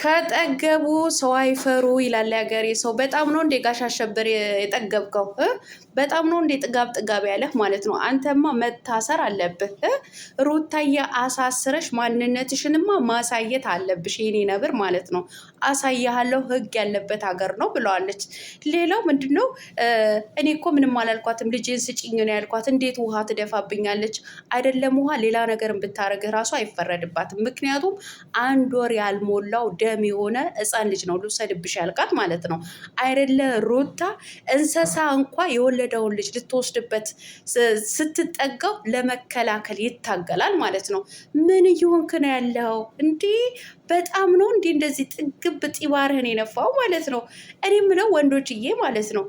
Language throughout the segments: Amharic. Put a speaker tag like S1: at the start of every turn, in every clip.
S1: ከጠገቡ ሰው አይፈሩ ይላል ያገሬ ሰው። በጣም ነው እንዴ ጋሽ አሸብር የጠገብከው? በጣም ነው እንዴ ጥጋብ ጥጋብ ያለህ ማለት ነው። አንተማ መታሰር አለብህ። ሩታዬ አሳስረሽ ማንነትሽንማ ማሳየት አለብሽ የኔ ነብር ማለት ነው። አሳያለሁ ህግ ያለበት ሀገር ነው ብለዋለች። ሌላው ምንድን ነው እኔ እኮ ምንም አላልኳትም፣ ልጅን ስጭኝ ነው ያልኳት። እንዴት ውሃ ትደፋብኛለች? አይደለም ውሃ ሌላ ነገርን ብታደርግህ ራሱ አይፈረድባትም። ምክንያቱም አንድ ወር ያልሞላው ደም የሆነ ህፃን ልጅ ነው ልውሰድብሽ ያልቃት ማለት ነው አይደለ ሩታ እንስሳ እንኳ የወለደውን ልጅ ልትወስድበት ስትጠጋው ለመከላከል ይታገላል ማለት ነው። ምን እየሆንክ ነው ያለው? እንዲህ በጣም ነው እንዲህ እንደዚህ ጥግብ ልብ ጢባርህን የነፋው ማለት ነው። እኔ የምለው ወንዶችዬ ማለት ነው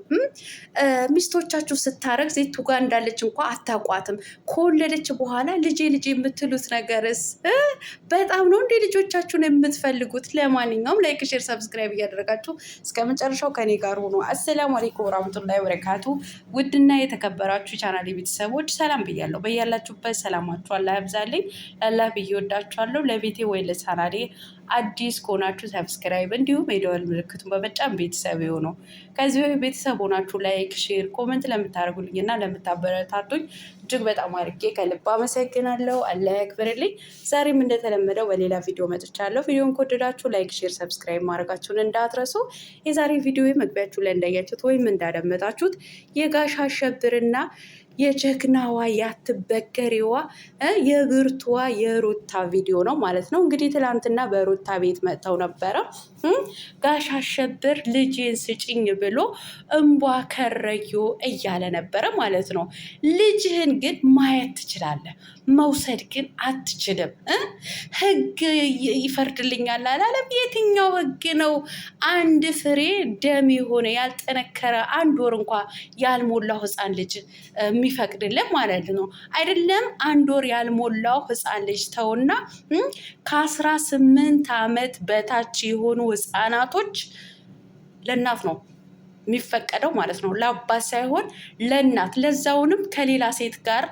S1: ሚስቶቻችሁ ስታረግ ዜቱ ጋር እንዳለች እንኳ አታቋትም። ከወለደች በኋላ ልጄ ልጄ የምትሉት ነገርስ በጣም ነው እንዴ? ልጆቻችሁን የምትፈልጉት? ለማንኛውም ላይክ፣ ሼር፣ ሰብስክራይብ እያደረጋችሁ እስከ መጨረሻው ከኔ ጋር ሆኖ አሰላሙ አሌይኩም ወራህመቱላሂ ወበረካቱ። ውድና የተከበራችሁ ቻናል ቤተሰቦች ሰላም ብያለሁ። በያላችሁበት ሰላማችሁ አላህ ያብዛልኝ። ላላ ብዬ ወዳችኋለሁ። ለቤቴ ወይ ለቻናሌ አዲስ ከሆናችሁ ሰብስክራይብ ሰብስክራይብ እንዲሁም የደወል ምልክቱን በመጫን ቤተሰብ የሆነው ከዚህ ቤተሰብ ሆናችሁ ላይክ፣ ሼር፣ ኮመንት ለምታደርጉልኝ እና ለምታበረታቱኝ እጅግ በጣም አድርጌ ከልብ አመሰግናለሁ። አላህ ያክብርልኝ። ዛሬም እንደተለመደው በሌላ ቪዲዮ መጥቻለሁ። ቪዲዮን ከወደዳችሁ ላይክ፣ ሼር፣ ሰብስክራይብ ማድረጋችሁን እንዳትረሱ። የዛሬ ቪዲዮ መግቢያችሁ ላይ እንዳያችሁት ወይም እንዳደመጣችሁት የጋሻ አሸብርና የጀግናዋ ያትበገሬዋ የብርቷ የሩታ ቪዲዮ ነው ማለት ነው። እንግዲህ ትላንትና በሩታ ቤት መጥተው ነበረ። ጋሽ አሸብር ልጄን ስጭኝ ብሎ እምቧ ከረዩ እያለ ነበረ ማለት ነው። ልጅህን ግን ማየት ትችላለህ፣ መውሰድ ግን አትችልም። ህግ ይፈርድልኛል አላለም። የትኛው ህግ ነው? አንድ ፍሬ ደም የሆነ ያልጠነከረ አንድ ወር እንኳ ያልሞላው ህፃን ልጅ የሚፈቅድልን ማለት ነው። አይደለም አንድ ወር ያልሞላው ህፃን ልጅ ተውና ከአስራ ስምንት ዓመት በታች የሆኑ ህፃናቶች ለእናት ነው የሚፈቀደው ማለት ነው። ለአባት ሳይሆን ለእናት ለዛውንም ከሌላ ሴት ጋር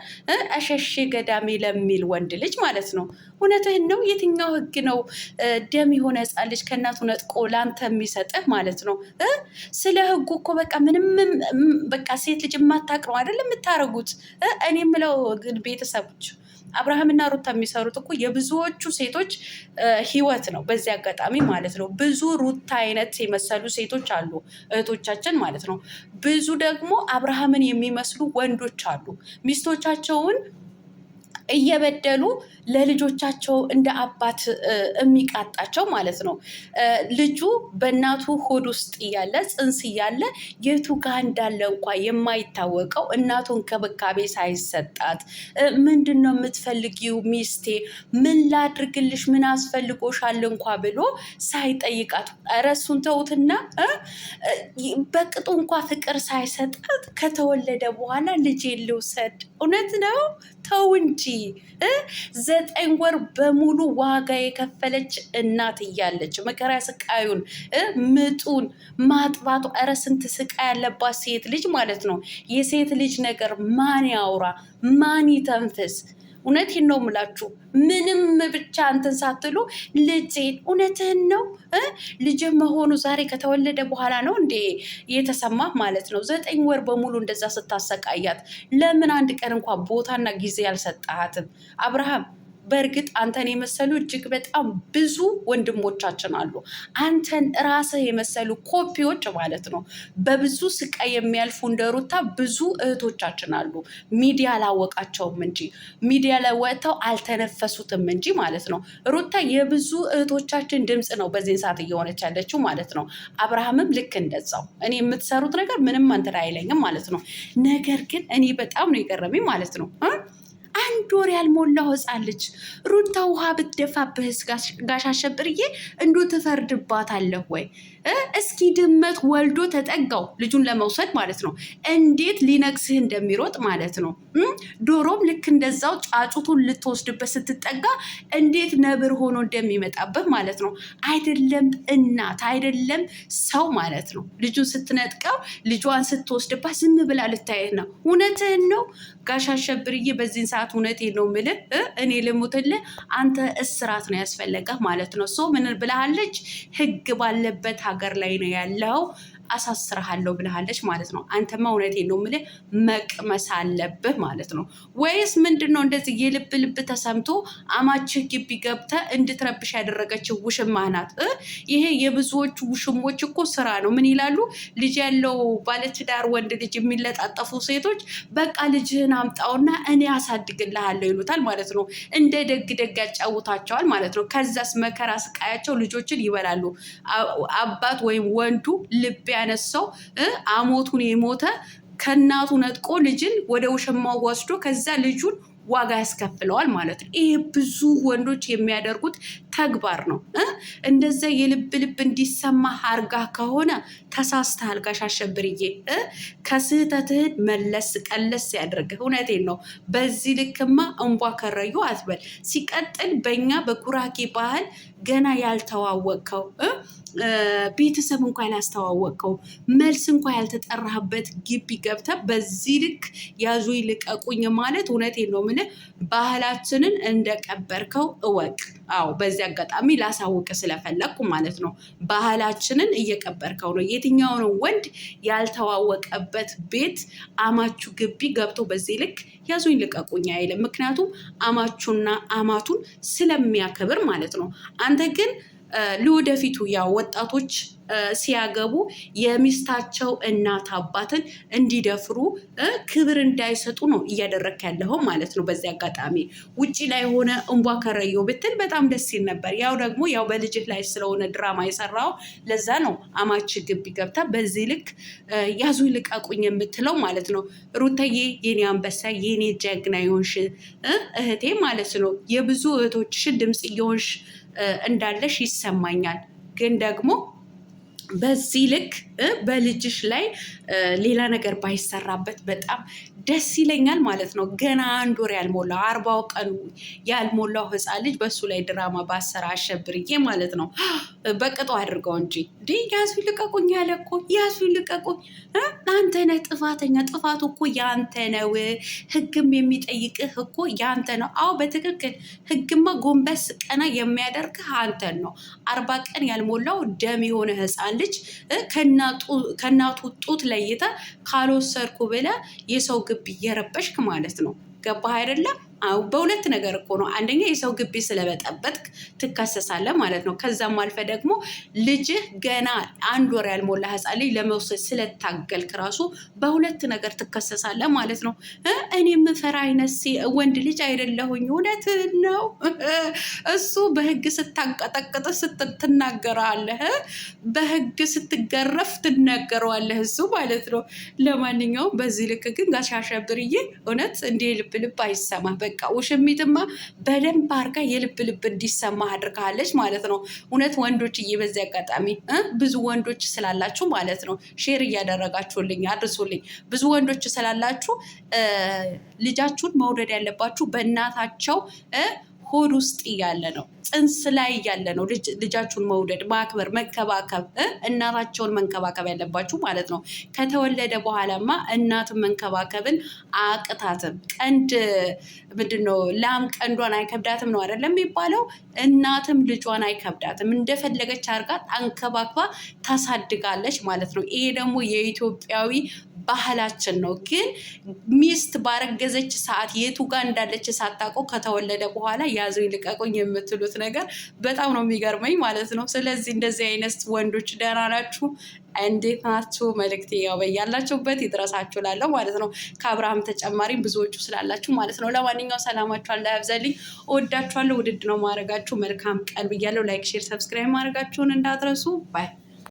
S1: አሸሼ ገዳሜ ለሚል ወንድ ልጅ ማለት ነው። እውነትህን ነው። የትኛው ህግ ነው ደም የሆነ ህፃን ልጅ ከእናቱ ነጥቆ ለአንተ የሚሰጥህ ማለት ነው? ስለ ህጉ እኮ በቃ ምንም በቃ ሴት ልጅ የማታቅ ነው አይደለም የምታረጉት። እኔ የምለው ቤተሰቦች አብርሃምና ሩታ የሚሰሩት እኮ የብዙዎቹ ሴቶች ህይወት ነው። በዚህ አጋጣሚ ማለት ነው ብዙ ሩታ አይነት የመሰሉ ሴቶች አሉ እህቶቻችን ማለት ነው። ብዙ ደግሞ አብርሃምን የሚመስሉ ወንዶች አሉ ሚስቶቻቸውን እየበደሉ ለልጆቻቸው እንደ አባት የሚቃጣቸው ማለት ነው። ልጁ በእናቱ ሆድ ውስጥ እያለ ጽንስ እያለ የቱ ጋር እንዳለ እንኳ የማይታወቀው እናቱ እንክብካቤ ሳይሰጣት ምንድን ነው የምትፈልጊው ሚስቴ፣ ምን ላድርግልሽ፣ ምን አስፈልጎሻል እንኳ ብሎ ሳይጠይቃት ረሱን ተውትና በቅጡ እንኳ ፍቅር ሳይሰጣት ከተወለደ በኋላ ልጄን ልውሰድ። እውነት ነው። ተው እንጂ ዘጠኝ ወር በሙሉ ዋጋ የከፈለች እናት እያለች መከራ ስቃዩን ምጡን ማጥባቱ፣ ኧረ ስንት ስቃይ ያለባት ሴት ልጅ ማለት ነው። የሴት ልጅ ነገር ማን ያውራ ማን ይተንፍስ? እውነቴን ነው የምላችሁ። ምንም ብቻ እንትን ሳትሉ ልጄን፣ እውነትህን ነው ልጅ መሆኑ ዛሬ ከተወለደ በኋላ ነው እንዴ የተሰማ ማለት ነው። ዘጠኝ ወር በሙሉ እንደዛ ስታሰቃያት ለምን አንድ ቀን እንኳን ቦታና ጊዜ አልሰጣትም አብርሃም? በእርግጥ አንተን የመሰሉ እጅግ በጣም ብዙ ወንድሞቻችን አሉ። አንተን ራስ የመሰሉ ኮፒዎች ማለት ነው። በብዙ ስቃይ የሚያልፉ እንደሩታ ብዙ እህቶቻችን አሉ። ሚዲያ አላወቃቸውም እንጂ ሚዲያ ላይ ወጥተው አልተነፈሱትም እንጂ ማለት ነው። ሩታ የብዙ እህቶቻችን ድምፅ ነው በዚህን ሰዓት እየሆነች ያለችው ማለት ነው። አብርሃምም ልክ እንደዛው። እኔ የምትሰሩት ነገር ምንም እንትን አይለኝም ማለት ነው። ነገር ግን እኔ በጣም ነው የገረመኝ ማለት ነው። አንድ ወር ያልሞላው ሕፃን ልጅ ሩታ ውሃ ብትደፋብህ ጋሽ አሸብርዬ እንዶ ትፈርድባታለህ ወይ? እስኪ ድመት ወልዶ ተጠጋው ልጁን ለመውሰድ ማለት ነው። እንዴት ሊነግስህ እንደሚሮጥ ማለት ነው። ዶሮም ልክ እንደዛው ጫጩቱን ልትወስድበት ስትጠጋ እንዴት ነብር ሆኖ እንደሚመጣበት ማለት ነው። አይደለም እናት አይደለም ሰው ማለት ነው። ልጁን ስትነጥቀው ልጇን ስትወስድባት ዝም ብላ ልታየት ነው። እውነትህን ነው ጋሽ አሸብርዬ በዚህን ሰዓት እስራት እውነቴን ነው የምልህ እኔ ልሙትልህ አንተ እስራት ነው ያስፈለገህ ማለት ነው። ሶ ምን ብለሃለች? ህግ ባለበት ሀገር ላይ ነው ያለው አሳስረሃለሁ ብልሃለች ማለት ነው። አንተማ እውነቴን ነው የምልህ መቅመስ አለብህ ማለት ነው። ወይስ ምንድን ነው እንደዚህ የልብ ልብ ተሰምቶ አማችህ ግቢ ገብተህ እንድትረብሽ ያደረገችው ውሽማ ናት? ይሄ የብዙዎቹ ውሽሞች እኮ ስራ ነው። ምን ይላሉ? ልጅ ያለው ባለትዳር ወንድ ልጅ የሚለጣጠፉ ሴቶች በቃ ልጅህን አምጣውና እኔ አሳድግልሃለሁ ይሉታል ማለት ነው። እንደ ደግ ደግ ያጫውታቸዋል ማለት ነው። ከዛስ መከራ ስቃያቸው ልጆችን ይበላሉ። አባት ወይም ወንዱ ልቤ ያነሳው አሞቱን የሞተ ከእናቱ ነጥቆ ልጅን ወደ ውሽማው ወስዶ ከዛ ልጁን ዋጋ ያስከፍለዋል ማለት ነው። ይሄ ብዙ ወንዶች የሚያደርጉት ተግባር ነው። እንደዛ የልብ ልብ እንዲሰማ አርጋ ከሆነ ተሳስተሃል ጋሽ አሸብርዬ። ከስህተትህን መለስ ቀለስ ያደርግህ። እውነቴን ነው። በዚህ ልክማ እንቧ ከረዩ አትበል። ሲቀጥል በኛ በጉራጌ ባህል ገና ያልተዋወቅከው ቤተሰብ እንኳ ያላስተዋወቅከው መልስ እንኳ ያልተጠራህበት ግቢ ገብተ በዚህ ልክ ያዙ ይልቀቁኝ ማለት እውነቴን ነው የምልህ፣ ባህላችንን እንደቀበርከው እወቅ። አዎ በዚህ አጋጣሚ ላሳውቅ ስለፈለግኩ ማለት ነው። ባህላችንን እየቀበርከው ነው። ነው ወንድ ያልተዋወቀበት ቤት አማቹ ግቢ ገብቶ በዚህ ልክ ያዙኝ ልቀቁኝ አይልም። ምክንያቱም አማቹና አማቱን ስለሚያከብር ማለት ነው። አንተ ግን ለወደፊቱ ያው ወጣቶች ሲያገቡ የሚስታቸው እናት አባትን እንዲደፍሩ ክብር እንዳይሰጡ ነው እያደረክ ያለው ማለት ነው። በዚህ አጋጣሚ ውጭ ላይ ሆነ እንቧ ከረዮ ብትል በጣም ደስ ሲል ነበር። ያው ደግሞ ያው በልጅህ ላይ ስለሆነ ድራማ የሰራው ለዛ ነው። አማች ግቢ ገብታ በዚህ ልክ ያዙ ልቀቁኝ የምትለው ማለት ነው። ሩተዬ የኔ አንበሳ የኔ ጀግና የሆንሽ እህቴ ማለት ነው የብዙ እህቶችሽን ድምፅ እየሆንሽ እንዳለሽ ይሰማኛል። ግን ደግሞ በዚህ ልክ በልጅሽ ላይ ሌላ ነገር ባይሰራበት በጣም ደስ ይለኛል ማለት ነው። ገና አንድ ወር ያልሞላው አርባው ቀኑ ያልሞላው ሕፃን ልጅ በእሱ ላይ ድራማ ባሰራ አሸብርዬ ማለት ነው። በቅጡ አድርገው እንጂ እንዴ ያዙ ልቀቁኝ ያለ እኮ ያዙ ልቀቁኝ። አንተ ነህ ጥፋተኛ፣ ጥፋቱ እኮ ያንተ ነው። ህግም የሚጠይቅህ እኮ ያንተ ነው። አዎ በትክክል ህግማ ጎንበስ ቀና የሚያደርግህ አንተን ነው። አርባ ቀን ያልሞላው ደም የሆነ ሕፃን ልጅ ከእናቱ ጡት ለይተ ካልወሰድኩ ብለ የሰው ግቢ እየረበሽክ ማለት ነው። ገባህ አይደለም? በሁለት ነገር እኮ ነው። አንደኛ የሰው ግቢ ስለበጠበጥክ ትከሰሳለህ ማለት ነው። ከዛም አልፈ ደግሞ ልጅህ ገና አንድ ወር ያልሞላ ህፃ ልጅ ለመውሰድ ስለታገልክ ራሱ በሁለት ነገር ትከሰሳለህ ማለት ነው። እኔ ምፈራ አይነት ወንድ ልጅ አይደለሁኝ። እውነት ነው። እሱ በህግ ስታንቀጠቅጥ ስትናገረዋለህ፣ በህግ ስትገረፍ ትናገረዋለህ። እሱ ማለት ነው። ለማንኛውም በዚህ ልክ ግን ጋሻ እውነት እንዲህ ልብ ልብ አይሰማ በቃ ውሽሚትማ በደንብ አርጋ የልብ ልብ እንዲሰማ አድርጋለች ማለት ነው። እውነት ወንዶች እየበዚህ አጋጣሚ ብዙ ወንዶች ስላላችሁ ማለት ነው ሼር እያደረጋችሁልኝ አድርሱልኝ። ብዙ ወንዶች ስላላችሁ ልጃችሁን መውደድ ያለባችሁ በእናታቸው ሆድ ውስጥ እያለ ነው፣ ጽንስ ላይ እያለ ነው። ልጃችሁን መውደድ፣ ማክበር፣ መንከባከብ እናታቸውን መንከባከብ ያለባችሁ ማለት ነው። ከተወለደ በኋላማ እናትን መንከባከብን አቅታትም ቀንድ ምንድን ነው ላም ቀንዷን አይከብዳትም ነው አይደለም የሚባለው። እናትም ልጇን አይከብዳትም እንደፈለገች አድርጋ አንከባክባ ታሳድጋለች ማለት ነው። ይሄ ደግሞ የኢትዮጵያዊ ባህላችን ነው። ግን ሚስት ባረገዘች ሰዓት የቱ ጋር እንዳለች ሳታውቀው ከተወለደ በኋላ ያዙኝ ልቀቁኝ የምትሉት ነገር በጣም ነው የሚገርመኝ ማለት ነው። ስለዚህ እንደዚህ አይነት ወንዶች ደህና ናችሁ? እንዴት ናችሁ? መልእክት ያው በያላችሁበት ይድረሳችሁ ላለው ማለት ነው። ከአብርሃም ተጨማሪም ብዙዎቹ ስላላችሁ ማለት ነው። ለማንኛው ሰላማችሁ አለ ያብዛልኝ። እወዳችኋለሁ። ውድድ ነው ማድረጋችሁ። መልካም ቀን ብያለሁ። ላይክ፣ ሼር፣ ሰብስክራይብ ማድረጋችሁን እንዳትረሱ ባይ